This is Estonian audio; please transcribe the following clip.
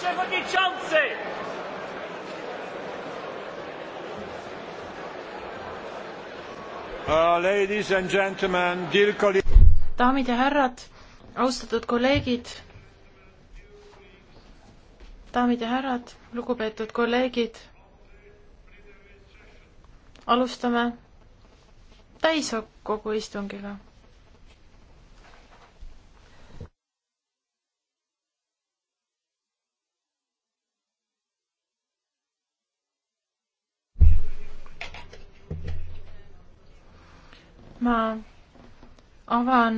przewodniczący! Uh, ladies and gentlemen, dear colleagues. daamid ja härrad, austatud kolleegid. daamid ja härrad, lugupeetud kolleegid. alustame täiskogu istungiga ma avan